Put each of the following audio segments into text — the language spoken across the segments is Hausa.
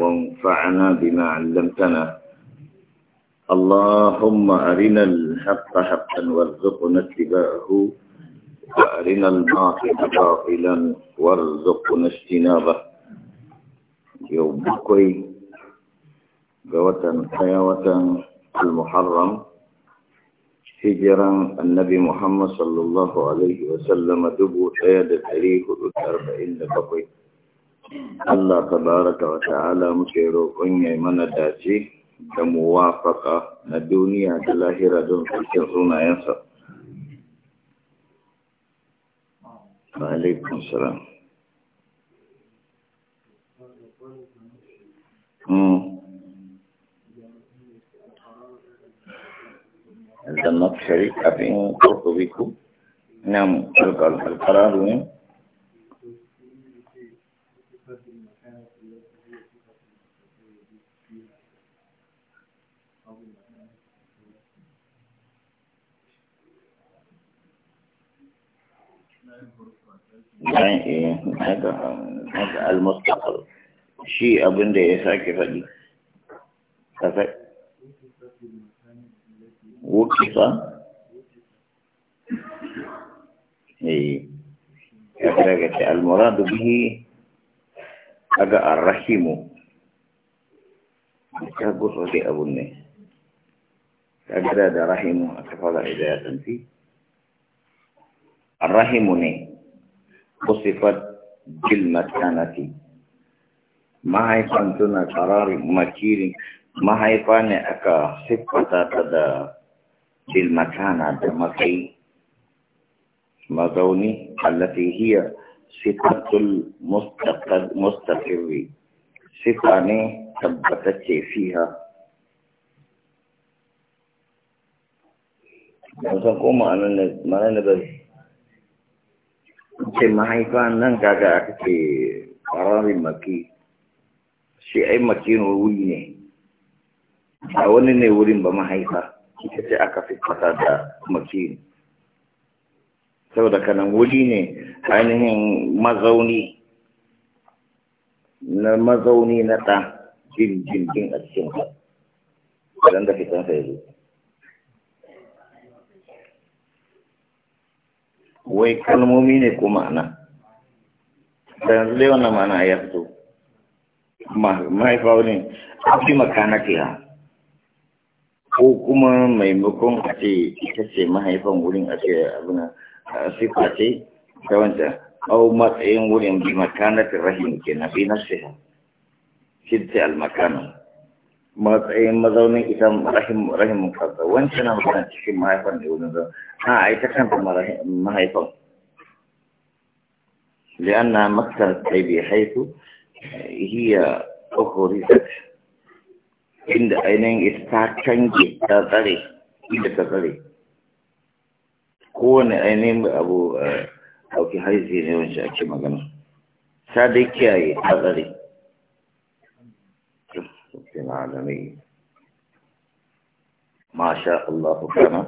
وانفعنا بما علمتنا اللهم أرنا الحق حقا وارزقنا اتباعه وأرنا الباطل باطلا وارزقنا اجتنابه يوم بكري جوة حيوة المحرم هجرا النبي محمد صلى الله عليه وسلم دبو تيد تريه الأربعين da Allah tabaraka wa ta'ala muke roƙon yayi mana dace da muwafaka na duniya da lahira don cikin sunayensa. Alaikun salam. Zannat shari'a bin nan ne? يعني هذا هذا المستقل شيء ابن ده يساكي فجي تفك وكفة ايه اقراك المراد به هذا الرحيم كابر رضي ابن ده اقراك رحيم اتفضل اذا يتنفيه الرحم ني وصفت بالمكانة ما هي فانتنا قراري مكيري ما هي فاني أكا صفتا تدا بالمكانة دمكي مزوني التي هي صفة المستقر مستقر صفة ني ثبتت فيها ban san ko ma'anar na ce nan kaga aka ce di maki shi ai makin wuri ne a wani ne wurin ba mahaifa ita ce aka fi fata da makin saboda kanan wuri ne ainihin mazauni na mazauni na ɗan jin jin jin a cikin ka idan da fitansa wai kalmomi ne ko ma'ana da yanzu dai wannan ma'ana ya fito mahaifa ne a fi makanatiya ko kuma maimakon a ce ita ce mahaifan wurin a ce abin a sifa ce ta wanda au matsayin wurin bi makana makanatin rahim ke na fi nasiha shi ce almakanan matsayin mazaunin ita rahim rahimin kansa wancan na magana cikin mahaifan da wurin zan a ita kanta mahaifan lianna maktar taibi haitu hiya ukhrijat inda ainihin ita ta canje ta tsare inda ta tsare kowane ainihin abu ɗauki eh, haizi ne wancan ake magana ta dai kiyaye ta tsare العالمين ما شاء الله كما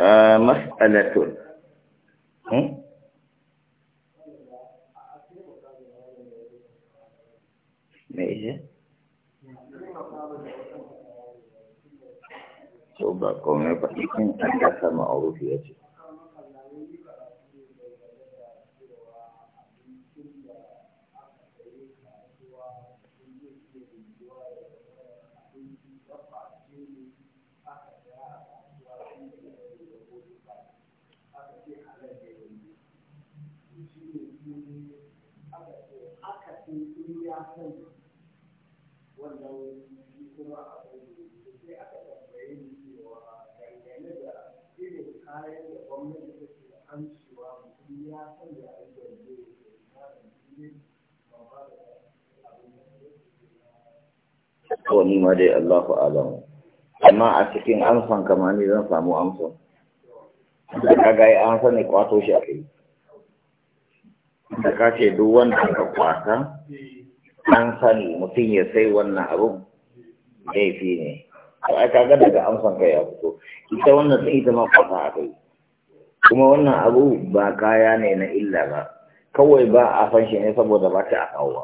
آه، مسألة ماذا؟ Coba kau nampak ini ada sama shi ya sani wannan shi kuma abu sai aka tambaye ni cewa dangane da irin kayan da gwamnati take amshewa mutum ya sani a inda zai ko ni ma dai Allahu alam amma a cikin amsan kamar ni zan samu amsan kaga ai an sani kwato shi a kai da kace ce duk wanda aka kwasa an sani mutum ya sai wannan abun laifi ne a ga daga amsan kai ya fito ita wannan sai ita ma kwasa a kai kuma wannan abu ba kaya ne na illa ba kawai ba a fanshi ne saboda ba ta a kawo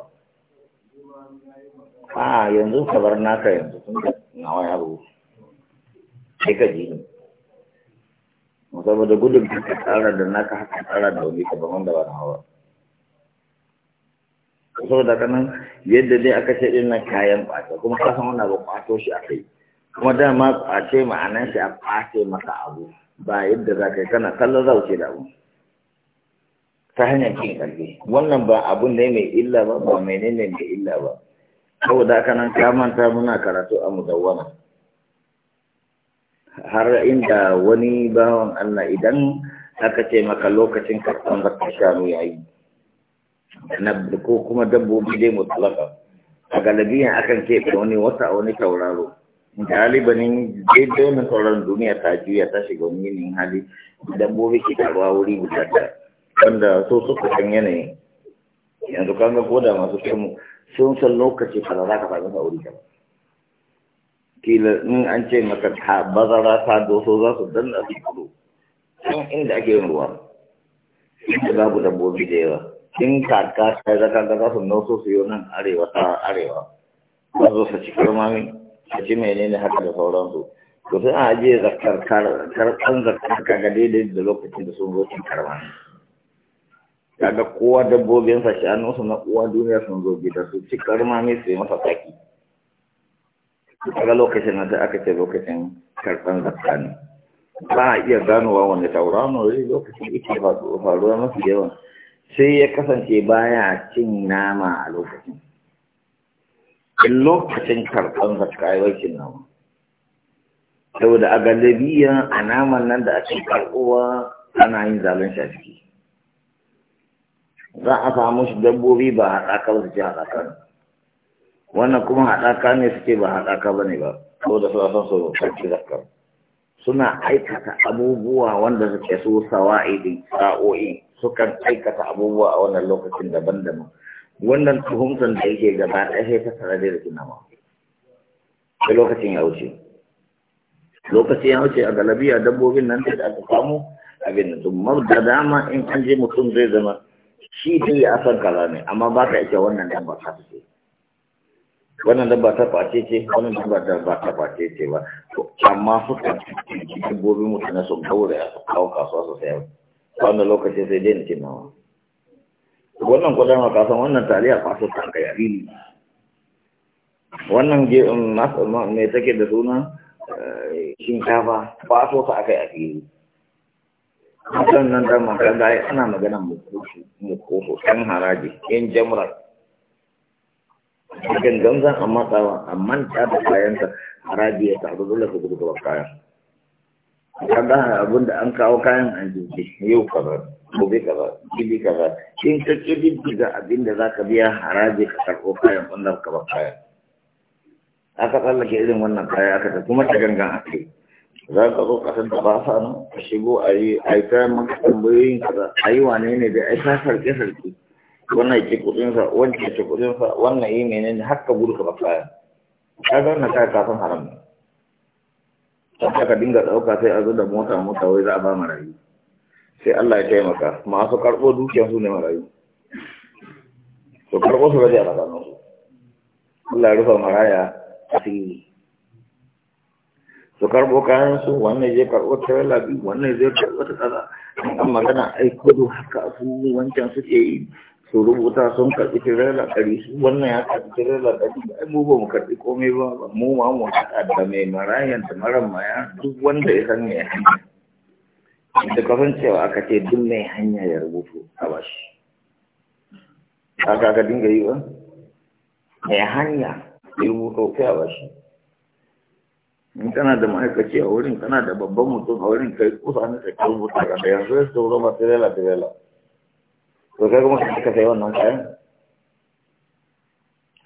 a yanzu ka bar naka yanzu sun ga na wani abu sai ka ji ni saboda gudun ka tsara da naka haka tsara da wani ka ba wanda ba na hawa so da kanan yadda dai aka ce din kayan kwato kuma ka san wannan ba kwato shi akai kuma dama kwace ma'anan shi a kwace maka abu ba yadda za ka yi kana kallon zauce da abu ta hanyar cin karfi wannan ba abun ne mai illa ba ba menene mai illa ba saboda aka nan ka manta muna karatu a mudawwana har inda wani bawan Allah idan aka ce maka lokacin karɓar zakar shanu yayi ko kuma dabbobi dai mutlaka a galibiyan akan ta wani wata wani tauraro galibanin daidai na tauraron duniya ta juya ta shiga wani yanayin hali dabbobi ke taruwa wuri guda da wanda so suka kan yanayi. yanzu kan ga koda masu samu sun san lokaci kala za ka fahimta wuri kaza kila in an ce maka ta bazara ta doso za su danna su kudu inda ake yin ruwa inda babu dabbobi da yawa Kin kaka ta zaka ga za su yi arewa ta arewa cikin a haka da sauransu to sai an ajiye zakar karɓan zakar daidai da lokacin da sun zo kowa uwa duniya sun zo gida masa lokacin aka ce lokacin ba a iya wani eh, lokacin faruwa mafi yawan sai ya kasance baya cin nama a lokacin in lokacin karɓar zakka ya nama saboda a galibiyan a naman nan da ake karɓuwa ana yin zalun a ciki za a samu shi dabbobi ba haɗaka ba su ce haɗaka ne wannan kuma haɗaka ne suke ba haɗaka ba ne ba saboda su a san su karɓi zakkar suna aikata abubuwa wanda suke so sawa'idi sa'o'i sukan aikata abubuwa a wannan lokacin daban-daban wannan tuhumtan da yake gaba ɗaya sai ta tare da rikin nama a lokacin ya wuce lokacin ya wuce a galabiya dabbobin nan da aka samu abin da dumar da dama in an je mutum zai zama shi dai ya san kaza ne amma ba ka ita wannan dan ba ka fice wannan da ba ta face ce wannan da ba ta ba face ce ba to amma suka dabbobin mutane sun gaura ya kawo kasuwa su sayar wannan lokaci sai dai ke nawa wannan kudin a kasan wannan taliya kwaso ta kai ari wannan ge um, me take da suna eh, shinkafa kwaso ta kai arili sannan da magana ana magana mu koso ɗan haraji in jamrar gangan zan a matsawa a manta da kayanta haraji ya taru dole ka gudu gaban kayan kaga abin da an kawo kayan an jirgi yau kaza gobe kaza jibi kaza in ka kirki ga abin da za ka biya haraji ka karɓo kayan wannan ka bar kayan aka tsallake irin wannan kaya aka ta kuma ta gangan a kai za ka zo ƙasar da ba sa nan ka shigo a yi a yi ta maka tambayoyin kaza a yi wane ne da a yi ta sarke wannan ke sa wancan ke sa wannan yi menene haka gudu ka fara. ka ga wannan kai san haram ne ta ka dinga dauka sai a zo da mota mota wai za a ba marayu sai Allah ya taimaka masu karbo dukiyar su ne marayu to karbo su gaji a tsakanin su Allah ya rufa maraya cikin su karbo kayan su wannan zai ta trailer biyu wannan zai karbo ta kaza amma magana aiko kudu haka su wancan su ke yi su rubuta sun karɓi tirela ɗari wannan ya karɓi tirela ɗari da ai mu ba mu karɓi komai ba mu ma mu haɗa da mai marayan da maran maya duk wanda ya san mai hanya da kafin cewa aka ce duk mai hanya ya rubutu a bashi aka ka dinga yi ba mai hanya ya rubuto kai a bashi in kana da ma'aikaci a wurin kana da babban mutum a wurin kai kusa ne ka rubuta ka da yanzu ya su tirela tirela to kai kuma ka sai wannan kayan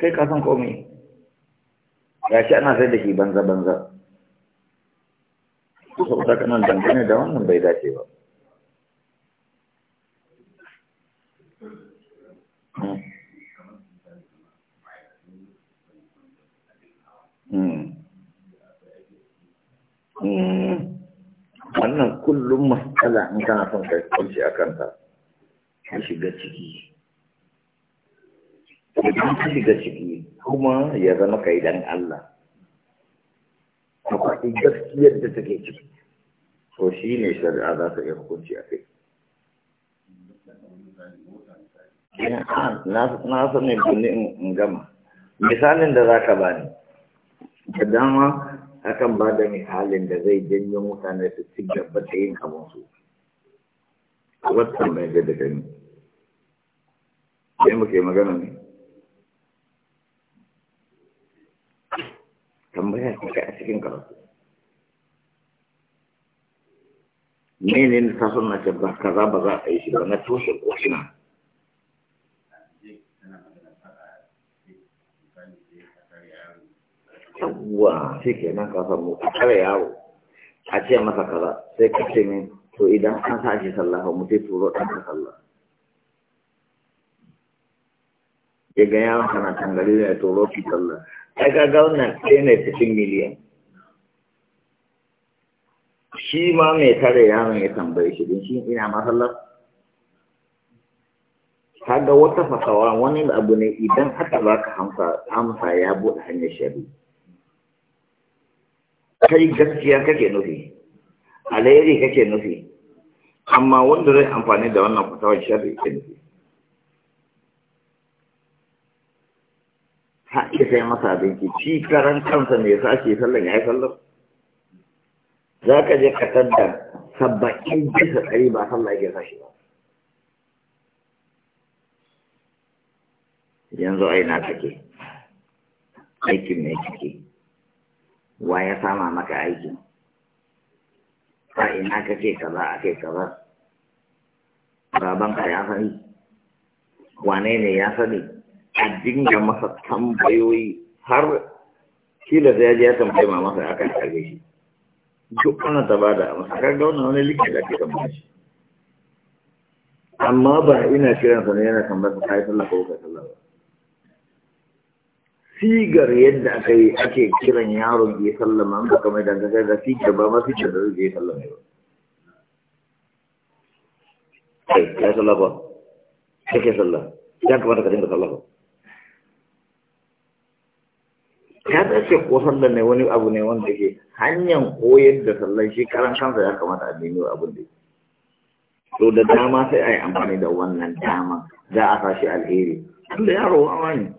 kai ka san komai ya ce han sai da aquí, banza-banza su sau ta kanan dangane da wannan bai dace ba hmm. Hmm. Hmm. wannan kullum matsala in kana son kai kunci a kanta ka shiga ciki idan ka shiga ciki kuma ya zama kai dan Allah ka faɗi gaskiyar da take ciki So shi ne shari'a za ta iya hukunci a kai na san ne bunni in gama misalin da za ka ba ni. da dama akan ba da misalin da zai janyo mutane su ci gaba da yin abinsu wata mai da gani sai muke magana ne tambaya kuka a cikin karatu mene ne ta suna ce ba kaza ba za a yi shi ba na toshe ko'ina Wa shi ke nan ka samu a kare yaro a ce masa kaza sai ka ce min to idan an sa ake sallah ba mu sai turo ɗan ka sallah ya ga yawan kana tangare da toro ki sallah ai ga ga wannan sai ne cikin miliyan shi ma mai tare yaron ya tambaye shi din shi ina masallar ga wata fasawa wani abu ne idan haka za ka hamsa ya buɗe hanyar shari kai gaskiya kake nufi alheri kake nufi amma wanda zai amfani da wannan fasawar shari'a ke nufi kai masa abinci shi karan kansa ne ya sake sallan ya yi sallan za ka je ka tadda sabba'in bisa ɗari ba sallah ya sa shi ba yanzu a na take aikin mai kike wa ya sama maka aikin a ina kake kaza a kai kaza babanka ya sani wane ne ya sani a dinga masa tambayoyi har kila da ya ji ya tambaye ma masa aka kage shi duk ana ta a masa ga wannan wani likita da ke tambaye shi amma ba ina kiran sa ne yana tambayar sa kai sallah ko ka sallah ba sigar yadda aka yi ake kiran yaron ya sallama ba kamar da kaga da sigar ba ma sigar da zai sallama ba kai ya sallah ba kai sallah ya kamata ka dinga sallah ba ya dace ko sallar ne wani abu ne wanda ke hanyar koyar da sallar shi karan kansa ya kamata a nemi abin da to da dama sai a yi amfani da wannan dama za a sashi alheri tunda yaro amma ne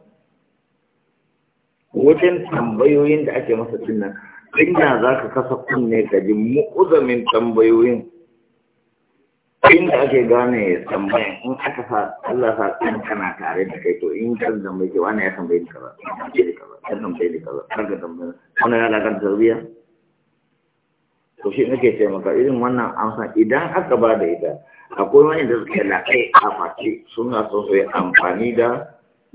wajen tambayoyin da ake masa nan, inda za ka kasa kunne ka ji mu'uzamin tambayoyin inda ake gane tambayan in aka sa Allah sa kan kana tare da kai to in kan da mai ke wani ya tambaye ka ba tambaye ka ba kan bai ka ba kan ka tambaye wani ya lagar tarbiya to shi nake ce maka irin wannan amsa idan aka ba da ita akwai wani da suke kai a face suna son su yi amfani da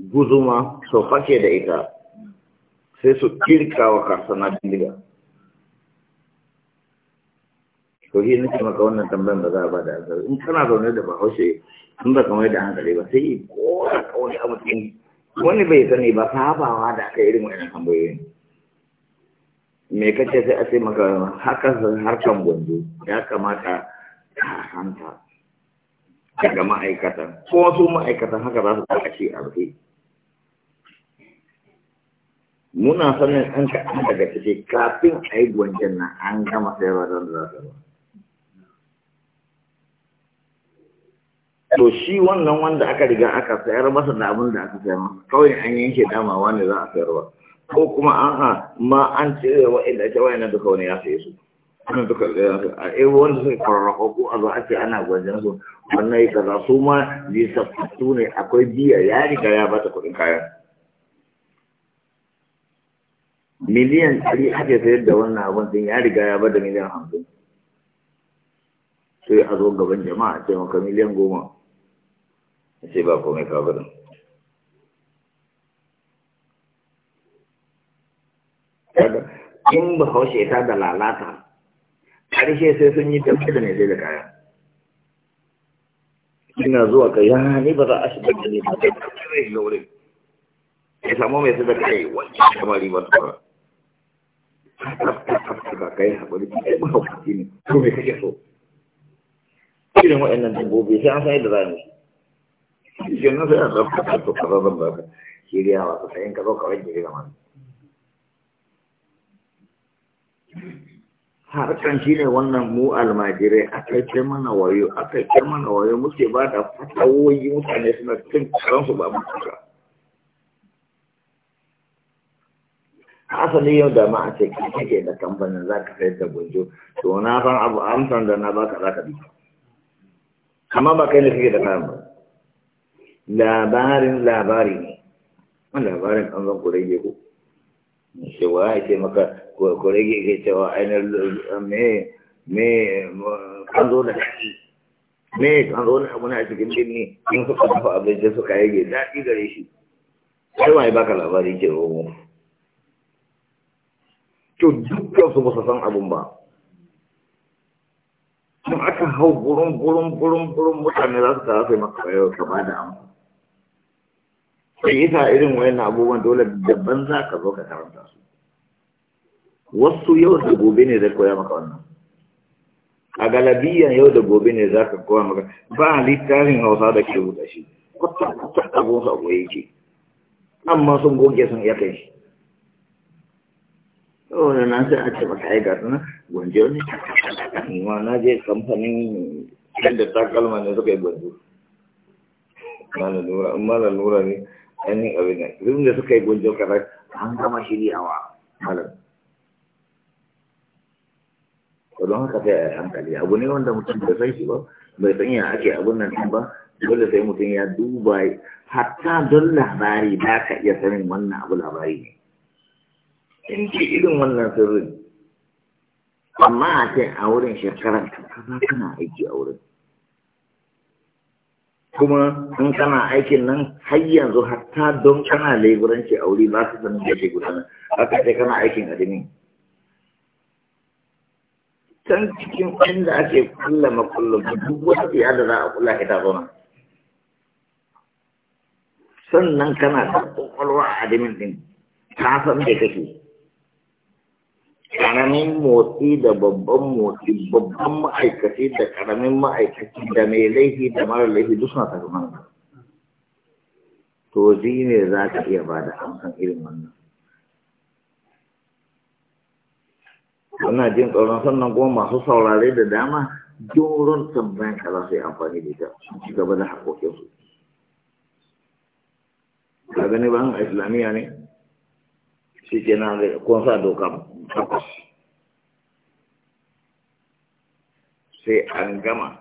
guzuma su fake da ita sai su kirkawa wa karsana bindiga to shi nake maka wannan tambayar da za a ba da azar in kana zaune da bahaushe in ba kamar da hankali ba sai ko da kawai a mutum wani bai sani ba sabawa da aka irin wannan tambayoyin me kace sai a ce maka haka harkan gwanzo ya kamata ka hanta daga ma'aikatan ko su ma'aikatan haka za su ta a rufe muna sanin an ka daga ciki kafin a yi gwanjan nan an gama sayarwa don za ta ba to shi wannan wanda aka riga aka sayar masa da abin da aka sayar masa kawai an yanke damawa ne za a sayarwa ko kuma ha ma an cire wa'inda ake wayan duka wani ya saye su ana duka a yi eh, wanda suka kararrako ko a zo ake ana gwajin su wannan yi kaza su ma lissafattu ne akwai biya ya riga ya bata kuɗin kayan miliyan ɗari ake sayar da wannan abin din ya riga ya bada miliyan hamsin sai a zo gaban jama'a ce maka miliyan goma sai ba komai kafirin in ba haushe ta da lalata ƙarshe sai sun yi tafi da ne sai da kaya ina zuwa ka ya ni ba za a shiga da ne ba zai shiga wurin ya samu mai sai da kaya wani kamar riba ta ba ba kai haƙuri ba kai mahaukaci ne ko mai kake so irin waɗannan dabbobi sai an san yadda za musu shi na sai a tsarkaka to kaza zan baka pues ka en cada cabello que wanke daga mana harkan shi ne wannan mu almajirai a kai ce mana wayo a kai ce mana wayo muke ba da fatawoyi mutane suna cin karansu ba mu mutuka asali yau da ma a ce kai kake da kamfanin za ka sai da gunjo to na san abu amsan da na baka za ka bi amma ba kai ne kake da kayan ba labarin labari ne wani labarin an zan kurege ku cewa ya ce maka kurege ke cewa ainihin eh, me me kan zo da daɗi me kan zo da abu na cikin birni in suka dafa abinci suka yage daɗi gare shi sai waye baka labari ke romo to dukkan su ba su san abun ba sun aka hau gurin gurin gurin gurin mutane za su tara sai maka yau ka ba da amsa sai isa irin wayan abubuwan dole daban za ka zo ka karanta su wasu yau da gobe ne zai koya maka wannan a galabiyan yau da gobe ne za ka koya maka ba littafin hausa da ke rubuta shi kwata-kwata abun a goye nan amma sun goge sun iya kai shi da na sai a ce maka ai gasu na gwanjo ne ma na je kamfanin yadda ta takalma ne suka yi mala lura ne ainihin abin da irin da suka yi gwajo karar an gama a halin. ko don haka sai a hankali abu ne wanda mutum bai san shi ba bai san ya ake abun nan ba dole sai mutum ya duba hatta don labari ba ka iya sanin wannan abu labari ne in ce irin wannan sirrin amma a ce a wurin shekaran kaza kana aiki a wurin kuma in kana aikin nan har yanzu ta don kana leburanci a wuri ba su sanin da ke gudana haka sai kana aikin adini can cikin inda ake kulla makullum duk wata fiya da za a kulla ta zauna sannan kana da kwakwalwa a adimin din ta san da kake karamin motsi da babban motsi babban ma'aikaci da karamin ma'aikaci da mai laifi da mara laifi duk suna zama da to shi ne za ka iya ba da amsan irin wannan wannan jin tsoron sannan kuma masu saurare da dama joron tambayan ka za su yi amfani da ita su ci gaba da haƙoƙinsu ka gani ba a islamiyya ne shi ke nan zai kun sa doka takwas sai an gama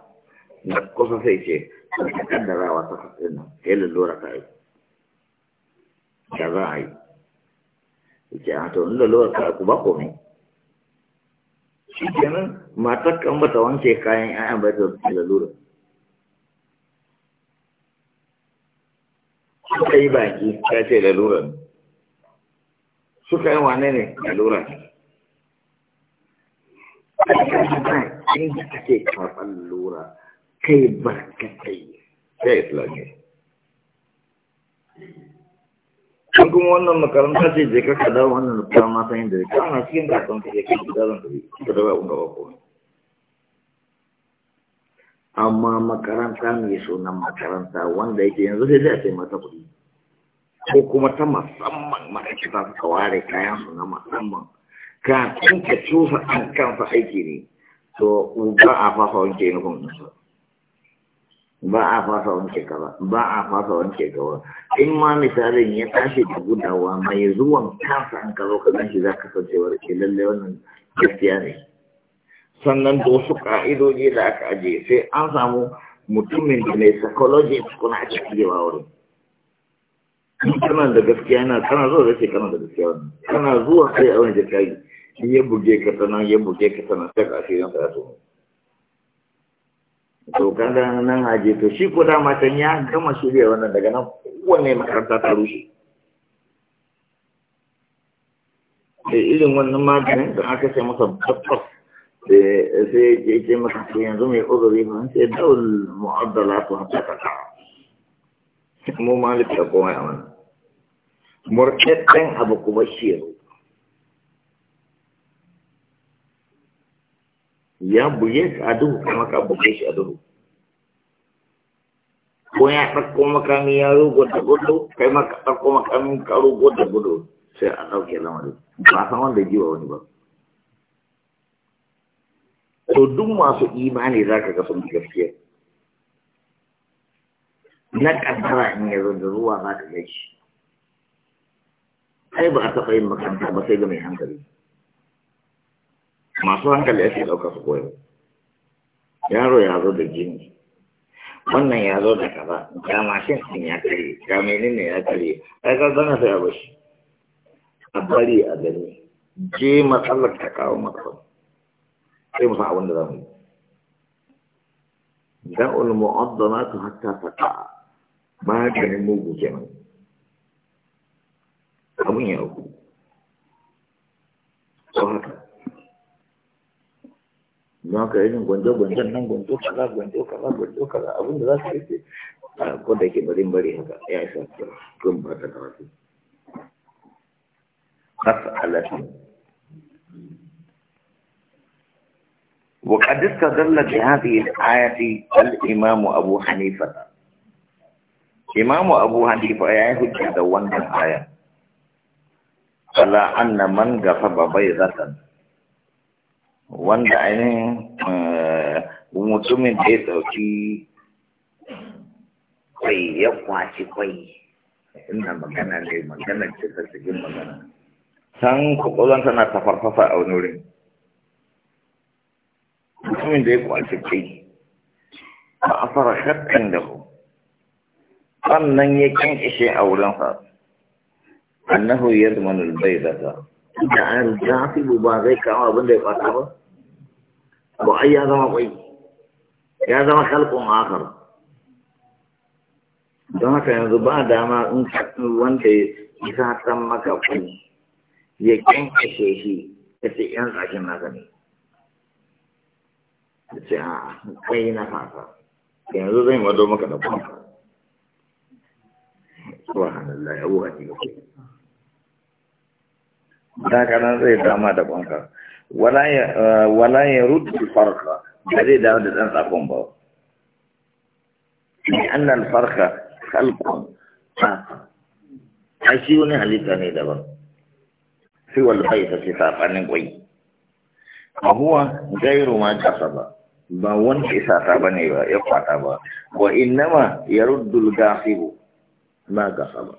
na kusa sai ce a kaddarawa takwas ɗin nan sai lalura ka yi chỉ ya za a yi ce a to inda lura ku ba komai shi kenan matar kan bata wanke kayan ƴaƴan ba ta da lura cái yi baki ta ce da lura suka yi wane ne da cái in da ake karɓar lura kai barkatai sai islamiyya shi kuma wannan makaranta ce je ka ka wannan rubuta mata san da ya kama cikin kakan ka ta ka gida zan tafi ka dawo abun gaba ko amma makaranta mai sunan makaranta wanda yake yanzu sai dai a mata kuɗi ko kuma ta musamman ma'aikata suka ware kayan su na musamman kafin ka cusa an kansa aiki ne to ba a fafa wanke yunifom ɗinsa ba a fasa wani gaba ba a fasa wanke gaba in ma misalin ya tashi da gudawa mai zuwan kansa an ka zo ka ganshi za ka san cewa ke lallai wannan gaskiya ne sannan da wasu ka'idoji da aka aje sai an samu mutumin da mai psychology kuna a cikin yawa wurin kana da gaskiya na kana zuwa zai kana da gaskiya wannan kana zuwa sai a wani jikayi in ya buge ka sanan ya buge ka sanan sai ka asirin sa ya tono to kaga nan aje to shi ko dama can ya gama shirya wannan daga nan wanne makaranta ta rushe da irin wannan maganin da aka ce masa tabbas da sai ya ce masa to yanzu mai uzuri ba ce dawul mu'addala to hatta ta ta mu malik da komai a wannan murtaɗɗen abu kuma shi yanzu Yan buye ka a duhu kuma ka buge shi a ko ya ɗauko makami ya rugo da gudu kai ma ka ɗauko makamin ka rugo da sai a ɗauke lamari ba san wanda ji wa wani ba to duk masu imani za ka ga sun gaskiya na ƙaddara in yanzu da ruwa za ka gaishe ai ba a taɓa yin makaranta ba sai ga mai hankali masu hankali ake ɗauka su koyo yaro ya zo da jini wannan ya zo da kaza ga mashin ɗin ya kare ga menene ya kare ai ka zana sai a bashi a bari a gani je matsalar ta kawo matsalar sai mu san abin da za mu yi da da'ul ta hatta fata maganin mugu kenan abin ya uku ko haka don ka irin gwanjo-gwanjon nan gwanjo kaza gwanjo kaza gwanjo kaza abin da za ka a ke bari bari haka ya isa kun ba ta karatu hasa alafi وقد استدل بهذه الآية الإمام أبو حنيفة إمام أبو حنيفة يهج دوانا الآية على أن من غصب بيضة wanda ainihin eh, mutumin da ya ɗauki kwai ya kwaci kwai ina magana ne magana ce ta cikin magana san kwakwalon tana ta farfasa a wani wurin mutumin da ya kwaci kwai ba a fara shakkan da ku sannan ya kyan ishe a wurinsa annahu manul bai zata da an bu ba zai kama abin da ya fata ba ba ai ya zama kwai ya zama kalkun akar don haka yanzu ba dama in kaɗin wanda ya sa maka kwai ya kyankashe shi ya ce yan tsakin nasa ne ya ce a kwai na fata yanzu zai wado maka da kwanka subhanallah ya wuha ne daga nan zai dama da banka wala ya eh, rudu farka ba zai dawo da ɗan sakon ba ne annan farka kalkon ta a shi wani halitta ne daban fi walfai ta ce saɓanin kwai a huwa gairu ma kasa ba ba wani isa ta ba ne ba ya kwata ba wa innama ya rudu ba, ma kasa ba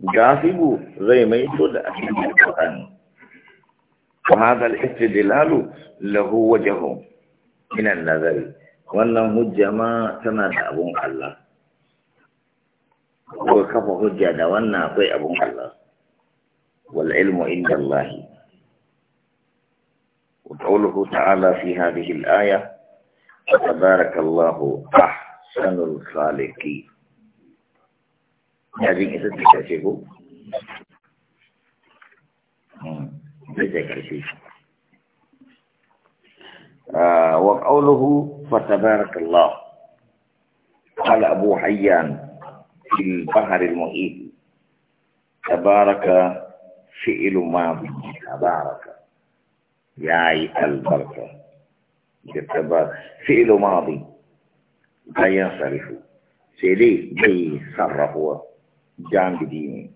جاثب غيميت لأحد القرآن وهذا الحس دلال له وجه من النذر وأنه جماع كما أبو الله وكف حجة وأن أعطي أبو الله والعلم عند الله وقوله تعالى في هذه الآية تبارك الله أحسن الخالقين هذه kita tidak sibuk. Hmm. وقوله فتبارك الله قال أبو حيان في البحر المحيط تبارك فعل ماضي تبارك يا أي البركة تبارك فعل ماضي لا ينصرف سيدي بيصرف هو جانب دينه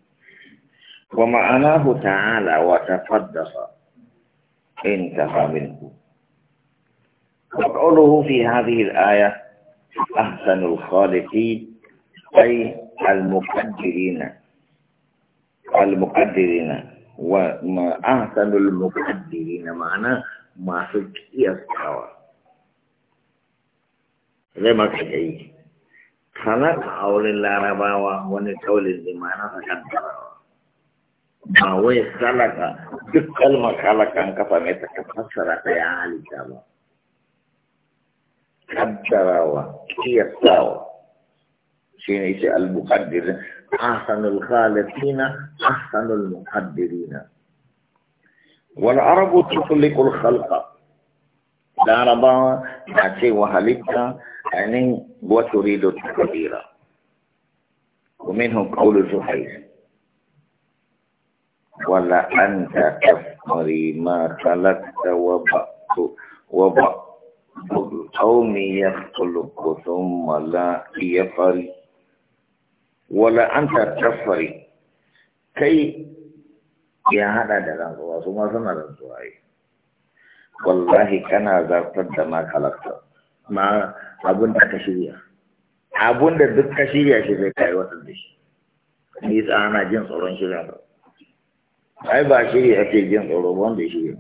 ومعناه تعالى وتقدس انتهى منه وقوله في هذه الآية أحسن الخالقين أي المقدرين المقدرين وما أحسن المقدرين معناه ما سكي السوا لما ما خلق اول الله و من تول الزمان عشان ما هو خلق كلمه خلق ان كفى متى كفسر يا علي تعالى قدر و كيسر شين يسي المقدر احسن الخالقين احسن المقدرين والعرب تخلق الخلق larabawa na cewa يعني وتريد التكبير ومنهم قول زهير ولا أنت تفمري ما خلقت وبأت وبأت القوم يخلق ثم لا يفري ولا أنت تفري كي يا هذا دلان الله ثم سنة دلان wallahi kana zartar da ma kalakta ma abun da ka shirya abun da duk ka shirya shi zai kai wata da shi ni sa ana jin tsoron shirya ba ai ba shirya ake jin tsoro wanda ya shirya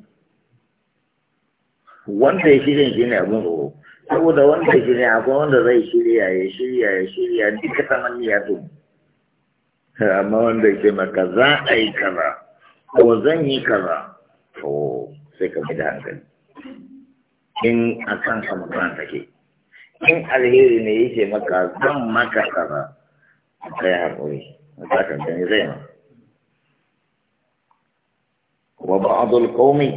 wanda ya shirya shi ne abun tsoro saboda wanda ya shirya akwai wanda zai shirya ya shirya ya shirya duka saman ya tumu amma wanda ya ce maka za a yi kaza ko zan yi kaza to sai ka bi da hankali in a kan ka take in alheri ne yake maka zan maka kaza kai haƙuri a ka gani zai ma wa ba'adul qaumi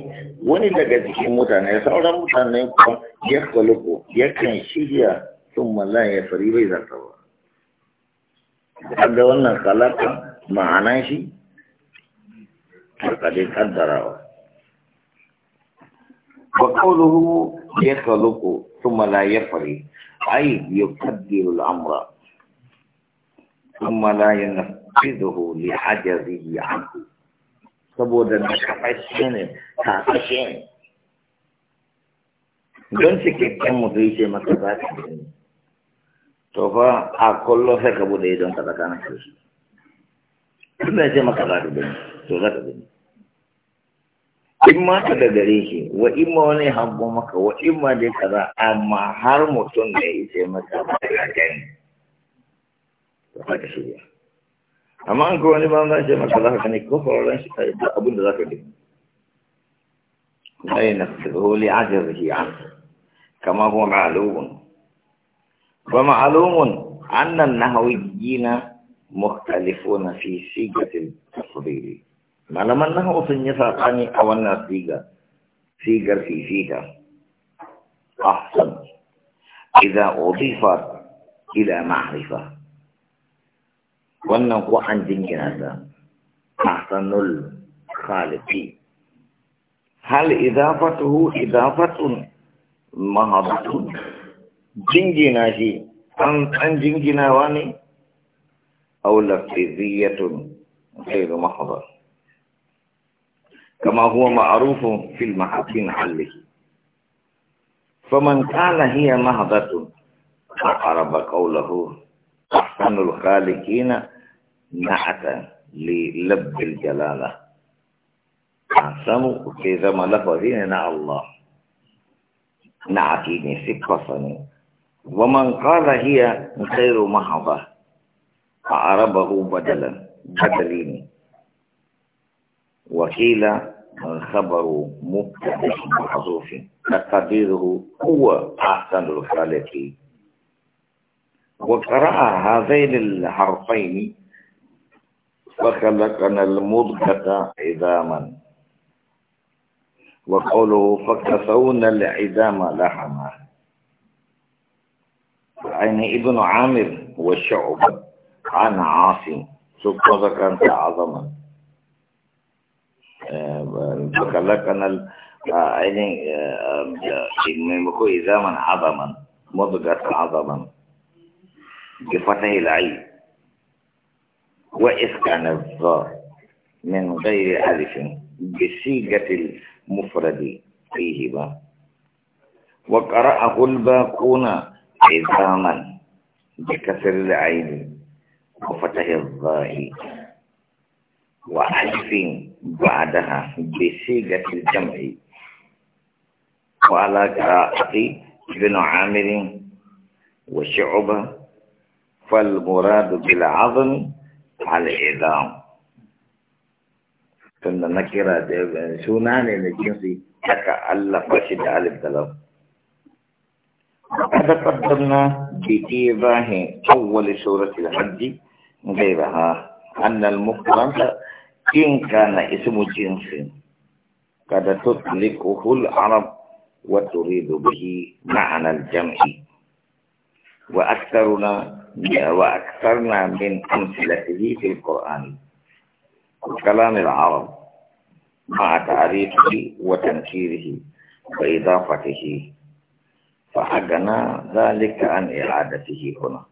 wani daga cikin mutane sauran mutane ko ya ya kan shirya sun la ya fari bai zarta ba kaga wannan kalaka ma'anan shi karkade ƙaddarawa وقوله يخلق ثم لا يفري أي يقدر الأمر ثم لا ينفذه لعجزه عنه saboda na kafashe ne kafashe ne don cikakken mutu yi ce masa za ka yi to fa a kullo sai ka bude idon ka tsakanin shi tun da ya ce maka za ka gani to za ka imma ma daga gare shi wa imma wani hango maka wa imma dai kaza amma har mutum da ya ce maka ba daga gani to haka shirya amma an ko wani ba za ce maka za ka ne ko fararen shi da abin da za ka yi ai na tsoro li shi an kama huwa ma'lumun wa ma'lumun anna an-nahawiyina mukhtalifuna fi sigatil tafdili malaman nahu sun yi saɓani a wannan Siga sigar fifita ahsan idza udifat ila ma'rifa wannan ko an jingina ta ahsanul khaliqi hal idafatuhu idafatun mahabatun jingina shi an an jinginawa wani. أو لفظية غير محضر كما هو معروف في المحاكم عليه فمن قال هي نهضة أقرب قوله أحسن الخالقين نعتا للب الجلالة أحسن كذا ما لفظين نع الله نعتيني سكصني ومن قال هي خير محضة أعربه بدلا بدليني وقيل خبر مبتدا محذوف تقديره هو احسن الخالق وقرأ هذين الحرفين فخلقنا المضغة عظاما وقوله فكسونا العظام لحما عن ابن عامر والشعب عن عاصم سبحانه كانت عظما فخلقنا عينين ميمكو إزاما عظما مضغة عظما بفتح العين وإسكان الظاء من غير ألف بصيغة المفرد فيهما وقرأه الباقون عظاما بكسر العين وفتح الظاء وألف بعدها بصيغة الجمع وعلى قراءة ابن عامر وشعبة فالمراد بالعظم على العظام ثم نكرة سنان الجنس تكألف شد ألف دلو وقد قدمنا بإيضاح أول سورة الحج غيرها أن المكرم إن كان اسم جنس قد تطلقه العرب وتريد به معنى الجمع وأكثرنا وأكثرنا من أمثلته في القرآن وكلام العرب مع تعريفه وتنكيره وإضافته فحقنا ذلك عن إعادته هنا.